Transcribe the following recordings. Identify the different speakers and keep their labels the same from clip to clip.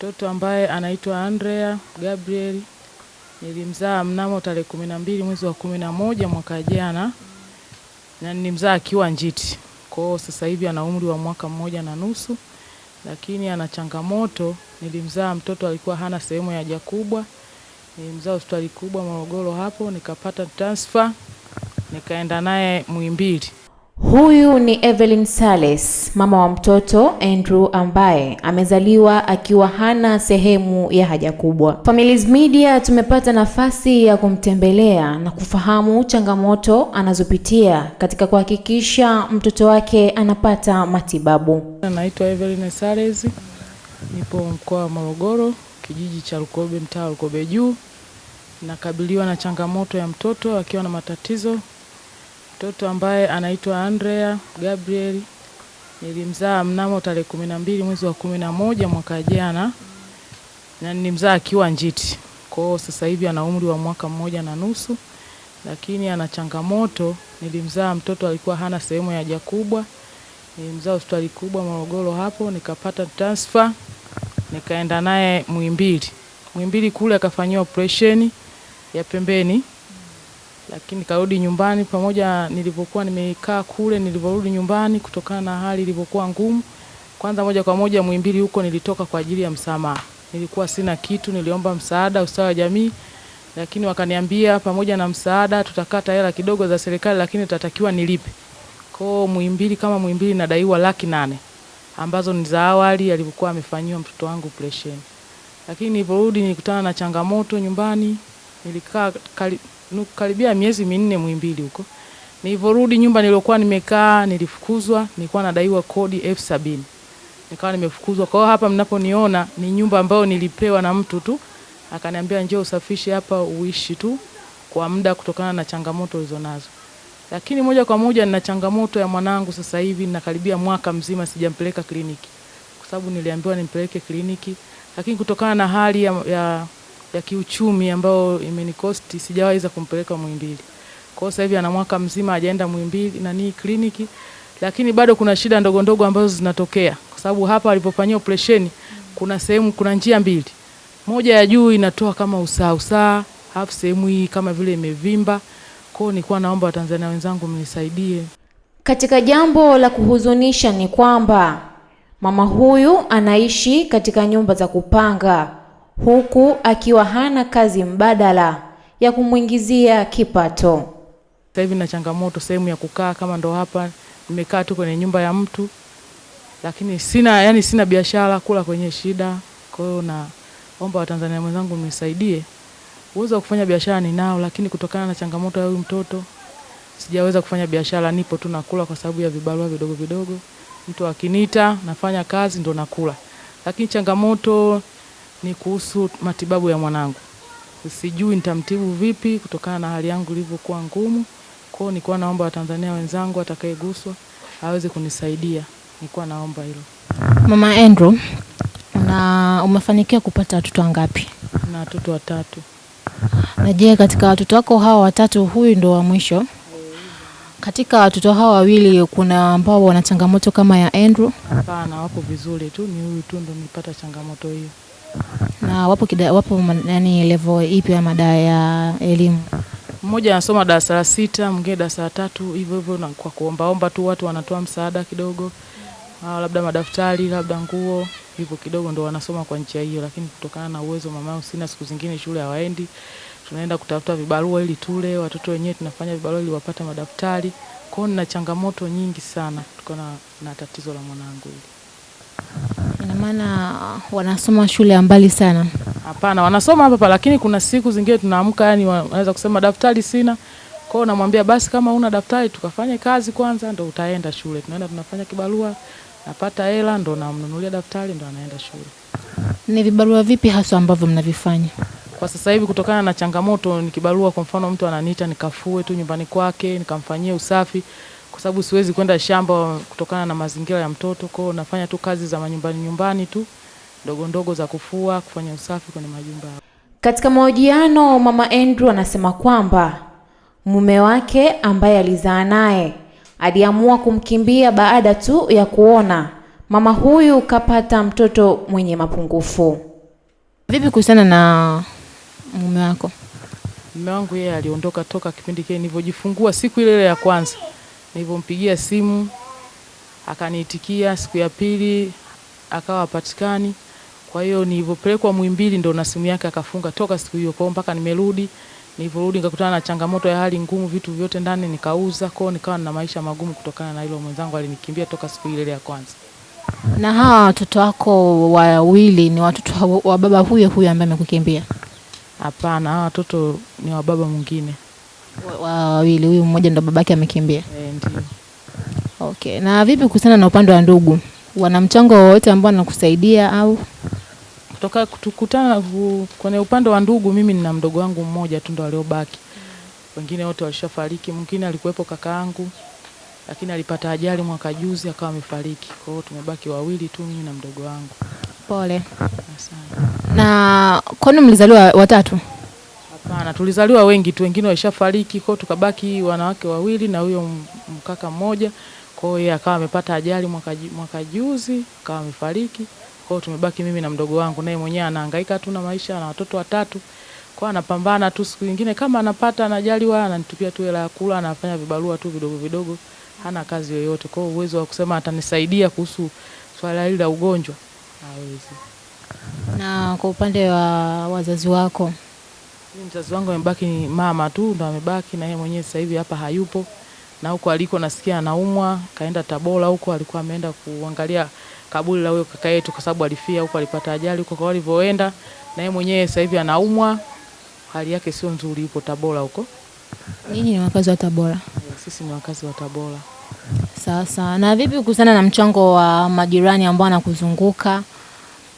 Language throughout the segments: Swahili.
Speaker 1: Mtoto ambaye anaitwa Andrea Gabriel nilimzaa mnamo tarehe kumi na mbili mwezi wa kumi na moja mwaka jana, na nilimzaa akiwa njiti. Kwa hiyo sasa hivi ana umri wa mwaka mmoja na nusu, lakini ana changamoto. Nilimzaa mtoto alikuwa hana sehemu ya haja kubwa, nilimzaa hospitali kubwa Morogoro hapo, nikapata transfer, nikaenda naye Muhimbili.
Speaker 2: Huyu ni Evelyn Sales, mama wa mtoto Andrew ambaye amezaliwa akiwa hana sehemu ya haja kubwa. Families Media tumepata nafasi ya kumtembelea na kufahamu changamoto anazopitia katika kuhakikisha mtoto wake anapata matibabu.
Speaker 1: Naitwa Evelyn Sales, nipo mkoa wa Morogoro, kijiji cha rukobe mtaa rukobe Juu. Nakabiliwa na changamoto ya mtoto akiwa na matatizo Mtoto ambaye anaitwa Andrea Gabriel nilimzaa mnamo tarehe kumi na mbili mwezi wa kumi na moja mwaka jana, na nilimzaa akiwa njiti. Kwa hiyo sasa hivi ana umri wa mwaka mmoja na nusu, lakini ana changamoto. Nilimzaa mtoto alikuwa hana sehemu ya haja kubwa, nilimzaa hospitali kubwa Morogoro hapo, nikapata transfer, nikaenda naye Muhimbili. Muhimbili kule akafanyiwa operesheni ya pembeni lakini nikarudi nyumbani, pamoja nilivyokuwa nimekaa kule, nilivyorudi nyumbani kutokana na hali ilivyokuwa ngumu. Kwanza moja kwa moja Muhimbili huko nilitoka kwa ajili ya msamaha, nilikuwa sina kitu, niliomba msaada ustawi wa jamii, lakini wakaniambia pamoja na msaada tutakata hela kidogo za serikali, lakini tutatakiwa nilipe kwao. Muhimbili kama Muhimbili nadaiwa laki nane ambazo ni za awali alivyokuwa amefanyiwa mtoto wangu operation, lakini niliporudi nilikutana na changamoto nyumbani, nilikaa karibia miezi minne Muhimbili huko. Nilivyorudi nyumba niliokuwa nimekaa nilifukuzwa, nilikuwa nadaiwa kodi elfu sabini nikawa nimefukuzwa. Kwa hiyo hapa mnaponiona ni nyumba ambayo nilipewa na mtu tu, akaniambia njoo usafishe hapa uishi tu kwa muda, kutokana na changamoto nazo. Lakini moja kwa moja nina changamoto ya mwanangu sasa hivi, nakaribia mwaka mzima sijampeleka kliniki, kwa sababu niliambiwa nimpeleke kliniki, lakini kutokana na hali ya, ya ya kiuchumi ambayo imenikosti, sijaweza kumpeleka Muhimbili. Kwa sasa hivi ana mwaka mzima ajaenda Muhimbili nani kliniki, lakini bado kuna shida ndogo ndogo ambazo zinatokea kwa sababu hapa alipofanyia operation kuna sehemu, kuna njia mbili, moja ya juu inatoa kama usaa usaa, halafu sehemu hii kama vile imevimba. Kwa hiyo nilikuwa naomba Watanzania wenzangu mnisaidie
Speaker 2: katika jambo la kuhuzunisha ni kwamba mama huyu anaishi katika nyumba za kupanga huku akiwa hana kazi mbadala ya kumwingizia kipato.
Speaker 1: Sasa hivi na changamoto sehemu ya kukaa, kama ndo hapa nimekaa tu kwenye nyumba ya mtu, lakini sina yani, sina biashara, kula kwenye shida. Kwa hiyo naomba Watanzania mwenzangu mnisaidie. Uwezo wa kufanya biashara ninao, lakini kutokana na changamoto ya huyu mtoto sijaweza kufanya biashara, nipo tu nakula kwa sababu ya vibarua vidogo vidogo. Mtu akinita nafanya kazi ndo nakula, lakini changamoto ni kuhusu matibabu ya mwanangu. Sijui nitamtibu vipi kutokana na hali yangu ilivyokuwa ngumu. hiyo nilikuwa naomba Watanzania wenzangu atakayeguswa aweze kunisaidia. Nilikuwa naomba hilo.
Speaker 2: Mama Andrew, na umefanikiwa kupata watoto wangapi?
Speaker 1: Na watoto watatu.
Speaker 2: Na je, katika watoto wako hawa watatu, huyu ndo wa mwisho? Katika watoto hawa wawili kuna ambao wana changamoto kama ya Andrew?
Speaker 1: Hapana, wako vizuri tu, ni huyu tu ndo nilipata changamoto hiyo
Speaker 2: na wapo kida, wapo yani level ipi ya mada ya elimu?
Speaker 1: Mmoja anasoma darasa la sita, mwingine darasa la tatu, hivyo hivyo, na kwa kuombaomba tu watu wanatoa msaada kidogo, ah, labda madaftari, labda nguo, hivyo kidogo ndo wanasoma kwa njia hiyo, lakini kutokana na uwezo mama sina, siku zingine shule hawaendi, tunaenda kutafuta vibarua ili tule, watoto wenyewe tunafanya vibarua ili wapate madaftari. Kwao nina changamoto nyingi sana kutokana na tatizo la mwanangu hili.
Speaker 2: Ina maana wanasoma shule ya mbali sana?
Speaker 1: Hapana, wanasoma hapa, lakini kuna siku zingine tunaamka, yani wanaweza kusema daftari sina kwao, namwambia basi, kama una daftari tukafanye kazi kwanza, ndo utaenda shule. Tunaenda tunafanya kibarua, napata hela, ndo namnunulia daftari, ndo anaenda shule.
Speaker 2: Ni vibarua vipi hasa ambavyo mnavifanya
Speaker 1: kwa sasa hivi? Kutokana na changamoto, ni kibarua, kwa mfano mtu ananiita nikafue tu nyumbani kwake nikamfanyie usafi kwa sababu siwezi kwenda shamba kutokana na mazingira ya mtoto. Kwa hiyo nafanya tu kazi za manyumbani nyumbani tu ndogo ndogo za kufua, kufanya usafi kwenye majumba.
Speaker 2: Katika mahojiano, mama Andrew anasema kwamba mume wake ambaye alizaa naye aliamua kumkimbia baada tu ya kuona mama huyu kapata mtoto mwenye mapungufu. Vipi kuhusiana na mume wako?
Speaker 1: Mume wangu yeye aliondoka toka kipindi kile nilivyojifungua siku ile ile ya kwanza Nilipompigia simu akaniitikia, siku ya pili akawa hapatikani. Kwa hiyo nilipopelekwa Muhimbili ndo na simu yake akafunga toka siku hiyo. Kwa mpaka nimerudi, nilivyorudi nikakutana na changamoto ya hali ngumu, vitu vyote ndani nikauza. Kwa hiyo nikawa na maisha magumu kutokana na hilo. Mwenzangu alinikimbia toka siku ile ya kwanza.
Speaker 2: Na hawa watoto wako wawili ni watoto wa baba huyo huyo ambaye amekukimbia?
Speaker 1: Hapana, hawa watoto ni wa baba mwingine
Speaker 2: wawili, huyu mmoja ndo babake amekimbia. Okay, na vipi kuhusiana na upande wa ndugu, wana mchango wowote ambao anakusaidia au
Speaker 1: kutoka kutukutana kwenye upande wa ndugu? Mimi nina mdogo wangu mmoja tu ndo aliobaki, wengine wote walishafariki. Mwingine alikuwepo kaka yangu, lakini alipata ajali mwaka juzi akawa amefariki. Kwa hiyo tumebaki wawili tu, mimi na mdogo wangu.
Speaker 2: Pole. Na kwani mlizaliwa watatu?
Speaker 1: Hapana, tulizaliwa wengi tu, wengine waishafariki kwao, tukabaki wanawake wawili na huyo mkaka mmoja. Kwao yeye akawa amepata ajali mwaka, mwaka juzi akawa amefariki. Kwao tumebaki mimi na mdogo wangu, naye mwenyewe anahangaika tu na maisha na watoto watatu. Kwao anapambana tu, siku nyingine kama anapata anajaliwa, ananitupia tu hela ya kula, anafanya vibarua tu vidogo vidogo, hana kazi yoyote. Kwao uwezo wa kusema atanisaidia kuhusu swala hili la ugonjwa hawezi.
Speaker 2: Na kwa upande wa wazazi wako
Speaker 1: Mzazi wangu amebaki ni mama tu ndo amebaki, na yeye mwenyewe sasa hivi hapa hayupo, na huko aliko nasikia anaumwa, kaenda Tabora huko, alikuwa ameenda kuangalia kaburi la huyo kaka yetu, kwa sababu alifia huko, alipata ajali huko. Kwa walivyoenda, na yeye mwenyewe sasa hivi anaumwa, hali yake sio nzuri, yupo Tabora huko.
Speaker 2: Ninyi ni wakazi wa Tabora?
Speaker 1: Sisi ni wakazi wa Tabora.
Speaker 2: Sasa na vipi kuhusiana na mchango wa majirani ambao anakuzunguka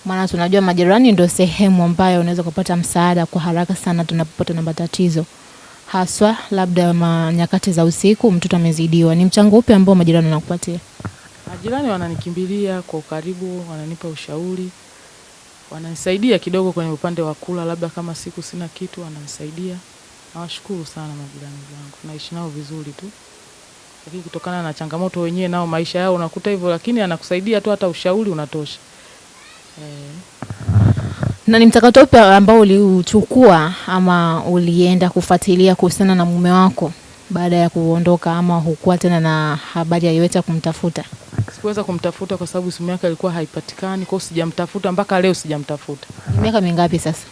Speaker 2: maana tunajua majirani ndio sehemu ambayo unaweza kupata msaada kwa haraka sana tunapopata na matatizo, haswa labda nyakati za usiku, mtoto amezidiwa. Ni mchango upi ambao majirani wanakupatia?
Speaker 1: Majirani wananikimbilia kwa ukaribu, wananipa ushauri, wananisaidia kidogo kwenye upande wa kula, labda kama siku sina kitu wananisaidia. Nawashukuru sana majirani zangu, naishi nao vizuri tu, lakini kutokana na changamoto wenyewe nao maisha yao unakuta hivyo, lakini anakusaidia tu, hata ushauri unatosha. Eh.
Speaker 2: na ni mchakato upi ambao uliuchukua ama ulienda kufuatilia kuhusiana na mume wako baada ya kuondoka, ama hukuwa tena na habari yoyote ya kumtafuta?
Speaker 1: Sikuweza kumtafuta kwa sababu simu yake ilikuwa haipatikani, kwa sijamtafuta mpaka leo, sijamtafuta.
Speaker 2: Ni miaka mingapi sasa?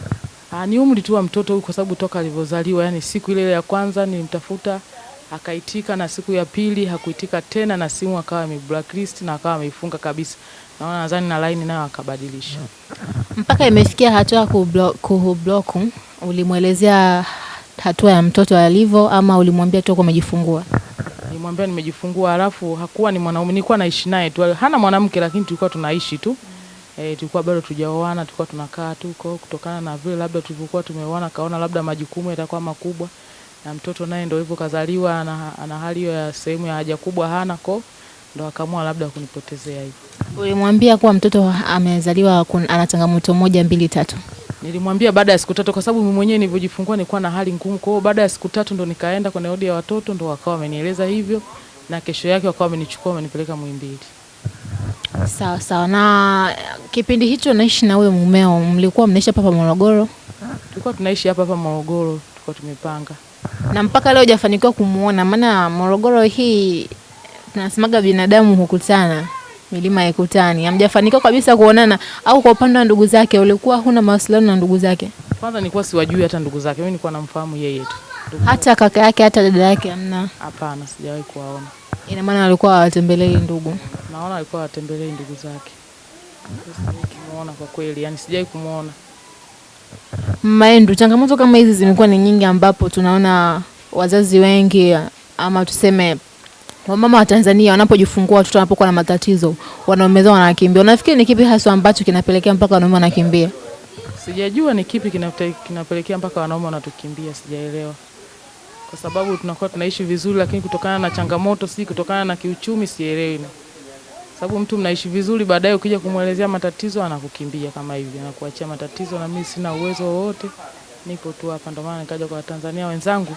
Speaker 1: Ah, ni umri tu wa mtoto huyu, kwa sababu toka alivyozaliwa, yani siku ile ya kwanza nilimtafuta akaitika, na siku ya pili hakuitika tena, na simu akawa blacklist na akawa ameifunga kabisa. Naona nadhani na line nayo akabadilisha,
Speaker 2: mpaka imefikia hatua kublock. Ulimwelezea hatua ya mtoto alivyo, ama ulimwambia tu umejifungua?
Speaker 1: Nimwambia nimejifungua, alafu hakuwa ni mwanaume, nilikuwa naishi naye tu, hana mwanamke, lakini tulikuwa tunaishi tu E, tulikuwa bado tujaoana, tulikuwa tunakaa tu, kutokana na vile labda tulivyokuwa tumeoana, kaona labda majukumu yatakuwa makubwa, na mtoto naye ndio hivyo kazaliwa ana, ana hali hiyo ya sehemu ya haja kubwa hana ko ndo akaamua labda kunipotezea hivi.
Speaker 2: Ulimwambia kuwa mtoto amezaliwa ana changamoto moja mbili tatu?
Speaker 1: Nilimwambia baada ya siku tatu, kwa sababu mimi mwenyewe nilivyojifungua nilikuwa na hali ngumu. Kwa hiyo baada ya siku tatu ndo nikaenda kwenye wodi ya watoto, ndo wakawa wamenieleza hivyo, na kesho yake wakawa wamenichukua wamenipeleka Muhimbili.
Speaker 2: Sawa sawa. Na kipindi hicho naishi na huyo mumeo, mlikuwa mnaishi hapa hapa Morogoro?
Speaker 1: Tulikuwa tunaishi hapa hapa Morogoro, tulikuwa tumepanga
Speaker 2: na mpaka leo hujafanikiwa kumuona, maana Morogoro hii tunasemaga binadamu hukutana milima ikutani. Hamjafanikiwa kabisa kuonana, au kwa upande wa ndugu zake ulikuwa huna mawasiliano na ndugu zake?
Speaker 1: Kwanza nilikuwa siwajui hata ndugu zake, mimi nilikuwa namfahamu yeye tu,
Speaker 2: hata kaka yake hata dada yake hamna?
Speaker 1: Hapana, sijawahi kuwaona.
Speaker 2: Ina maana alikuwa hawatembelei ndugu?
Speaker 1: Naona alikuwa hawatembelei ndugu zake. Sijawahi kwa kweli, yani sijawahi kumuona.
Speaker 2: Maendu, changamoto kama hizi zimekuwa ni nyingi, ambapo tunaona wazazi wengi ama tuseme wamama wa Tanzania wanapojifungua watoto wanapokuwa na matatizo, wanaume wanakimbia. Unafikiri ni kipi hasa ambacho kinapelekea mpaka wanaume wanakimbia?
Speaker 1: Sijajua ni kipi kinapelekea mpaka wanaume wanatukimbia, sijaelewa, kwa sababu tunakuwa tunaishi vizuri, lakini kutokana na changamoto, si kutokana na kiuchumi, sielewi sababu mtu mnaishi vizuri, baadaye ukija kumwelezea matatizo anakukimbia kama hivi, anakuachia matatizo. Na mimi sina uwezo wowote, nipo tu hapa, ndio maana nikaja kwa Watanzania wenzangu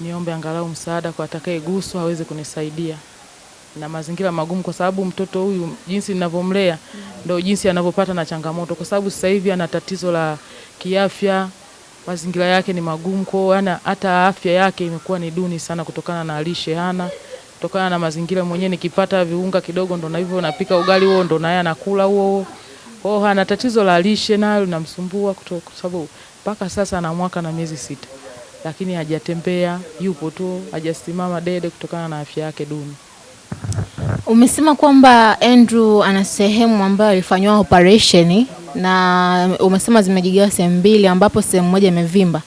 Speaker 1: niombe angalau msaada kwa atakayeguswa aweze kunisaidia na mazingira magumu, kwa sababu mtoto huyu jinsi ninavyomlea ndo jinsi anavyopata na changamoto, kwa sababu sasa hivi ana tatizo la kiafya, mazingira yake ni magumu kwao, hata afya yake imekuwa ni duni sana kutokana na lishe hana kutokana na mazingira mwenyewe, nikipata viunga kidogo ndo na hivyo napika ugali huo, ndo naye anakula huo huo. Kwa hiyo ana tatizo la lishe nayo linamsumbua kwa sababu mpaka sasa ana mwaka na miezi sita, lakini hajatembea, yupo tu, hajasimama dede kutokana na afya yake duni.
Speaker 2: Umesema kwamba Andrew ana sehemu ambayo alifanyiwa operation na umesema zimejigawa sehemu mbili ambapo sehemu moja imevimba.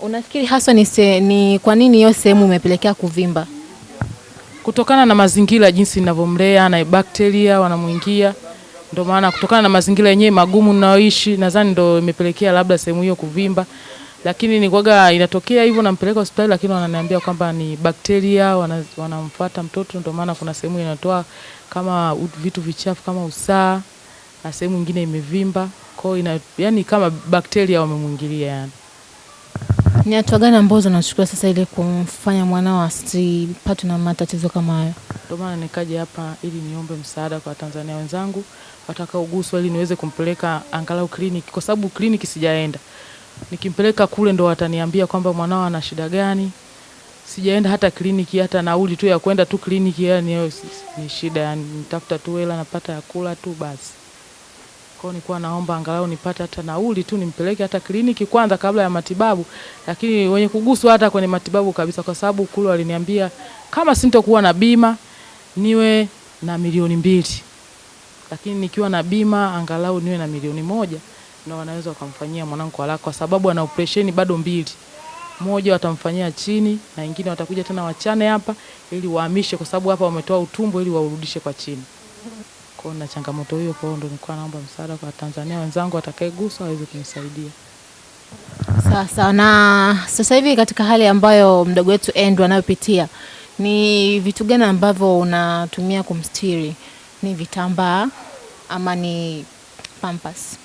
Speaker 2: Unafikiri haswa ni, se, ni kwa nini hiyo sehemu imepelekea kuvimba?
Speaker 1: kutokana na mazingira jinsi ninavyomlea na bakteria wanamuingia, ndio maana kutokana na mazingira yenyewe magumu ninayoishi, nadhani ndio imepelekea labda sehemu hiyo kuvimba. Lakini ni kwaga inatokea hivyo, nampeleka hospitali, lakini wananiambia kwamba ni bakteria wanamfuata mtoto, ndio maana kuna sehemu inatoa kama vitu vichafu kama usaa na sehemu nyingine imevimba, kwa hiyo yani kama bakteria wamemwingilia yani.
Speaker 2: Ni hatua gani ambazo zinachukua sasa ili kumfanya mwanao asipatwe na matatizo kama hayo?
Speaker 1: Ndio maana nikaja hapa ili niombe msaada kwa Watanzania wenzangu watakaoguswa, ili niweze kumpeleka angalau kliniki, kwa sababu kliniki sijaenda. Nikimpeleka kule ndo wataniambia kwamba mwanao ana shida gani. Sijaenda hata kliniki, hata nauli tu ya kwenda tu kliniki, yani ni shida, yani nitafuta tu hela napata ya kula tu basi. Kwa hiyo nilikuwa naomba angalau nipate hata nauli tu nimpeleke hata kliniki kwanza kabla ya matibabu, lakini wenye kuguswa hata kwenye matibabu kabisa, kwa sababu kule waliniambia kama sintokuwa na bima niwe na milioni mbili, lakini nikiwa na bima angalau niwe na milioni moja na wanaweza wakamfanyia mwanangu haraka, kwa sababu ana operesheni bado mbili, moja watamfanyia chini na ingine watakuja tena wachane hapa ili wahamishe, kwa sababu hapa wametoa utumbo ili waurudishe kwa chini kwao na changamoto hiyo kwao, ndo nilikuwa naomba msaada kwa Tanzania wenzangu, atakayeguswa aweze kunisaidia.
Speaker 2: Sasa na sasa hivi katika hali ambayo mdogo wetu Andrew anayopitia, ni vitu gani ambavyo unatumia kumstiri? Ni vitambaa ama ni pampas?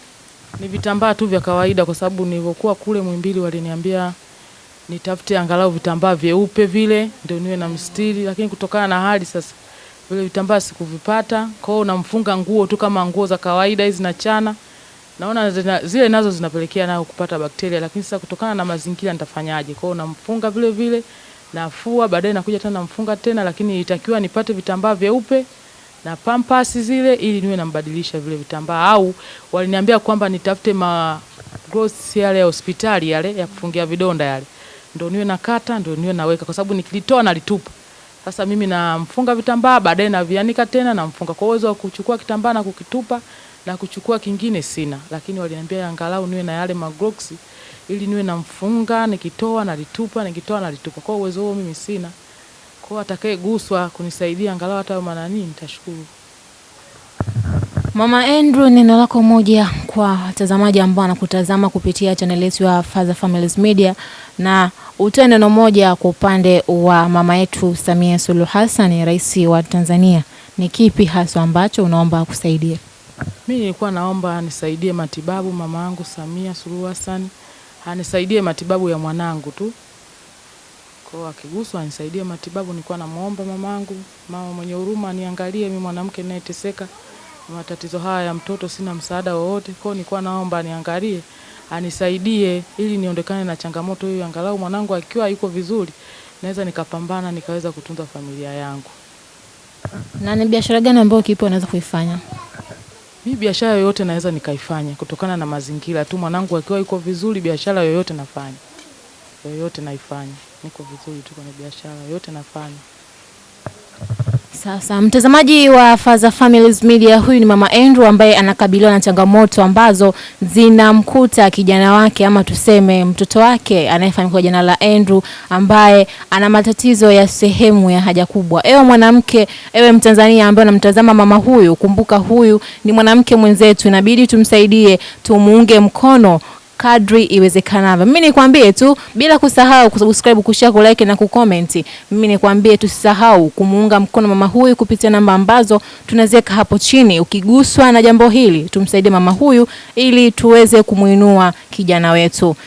Speaker 1: Ni vitambaa tu vya kawaida, kwa sababu nilivyokuwa kule Mwimbili waliniambia nitafute angalau vitambaa vyeupe vile ndio niwe na mstiri, lakini kutokana na hali sasa vile vitambaa sikuvipata, kwa hiyo namfunga nguo tu kama nguo za kawaida hizi na chana, naona zina, zile nazo zinapelekea nayo kupata bakteria, lakini sasa kutokana na mazingira nitafanyaje? Kwa hiyo namfunga vile vile, nafua, baadaye nakuja tena namfunga tena, lakini itakiwa nipate vitambaa vyeupe na pampasi zile ili niwe nambadilisha vile vitambaa, au waliniambia kwamba nitafute ma gloves yale ya hospitali yale ya kufungia vidonda yale, ndio niwe nakata, ndio niwe naweka, kwa sababu nikilitoa nalitupa sasa mimi namfunga vitambaa, baadaye navianika tena namfunga. Kwa uwezo wa kuchukua kitambaa na kukitupa na kuchukua kingine sina, lakini waliniambia angalau niwe na yale magloves ili niwe namfunga, nikitoa nalitupa, nikitoa nalitupa. Kwa uwezo huo mimi sina. Kwa atakayeguswa kunisaidia angalau hata maana nini, nitashukuru.
Speaker 2: Mama Andrew, neno lako moja kwa watazamaji ambao wanakutazama kupitia chaneli yetu ya Faza Families Media na Utoe neno moja kwa upande wa mama yetu Samia Suluhu Hassan, rais wa Tanzania, ni kipi haswa ambacho unaomba kusaidia?
Speaker 1: Mi nilikuwa naomba nisaidie matibabu mama yangu Samia Suluhu Hassan anisaidie matibabu ya mwanangu tu kwa akiguswa anisaidie matibabu. Nilikuwa namuomba mamaangu mama mwenye huruma, aniangalie mimi mwanamke ninayeteseka matatizo haya ya mtoto, sina msaada wowote kwao. Nilikuwa naomba aniangalie anisaidie ili niondokane na changamoto hiyo, angalau mwanangu akiwa yuko vizuri naweza nikapambana nikaweza kutunza familia yangu.
Speaker 2: Na ni biashara gani ambayo kipo unaweza kuifanya?
Speaker 1: Mi biashara yoyote naweza nikaifanya kutokana na mazingira tu, mwanangu akiwa yuko vizuri, biashara yoyote nafanya, yoyote naifanya, niko vizuri tu kwenye biashara yoyote nafanya.
Speaker 2: Sasa mtazamaji wa Faza Families Media, huyu ni mama Andrew ambaye anakabiliwa na changamoto ambazo zinamkuta kijana wake ama tuseme mtoto wake anayefahamika kwa jina la Andrew ambaye ana matatizo ya sehemu ya haja kubwa. Ewe mwanamke, ewe Mtanzania ambaye unamtazama mama huyu, kumbuka huyu ni mwanamke mwenzetu, inabidi tumsaidie, tumuunge mkono kadri iwezekanavyo. Mimi nikwambie tu bila kusahau kusubscribe, kushare, kulike na kucomment. Mimi nikwambie tusisahau kumuunga mkono mama huyu kupitia namba ambazo tunaziweka hapo chini. Ukiguswa na jambo hili, tumsaidie mama huyu ili tuweze kumuinua kijana wetu.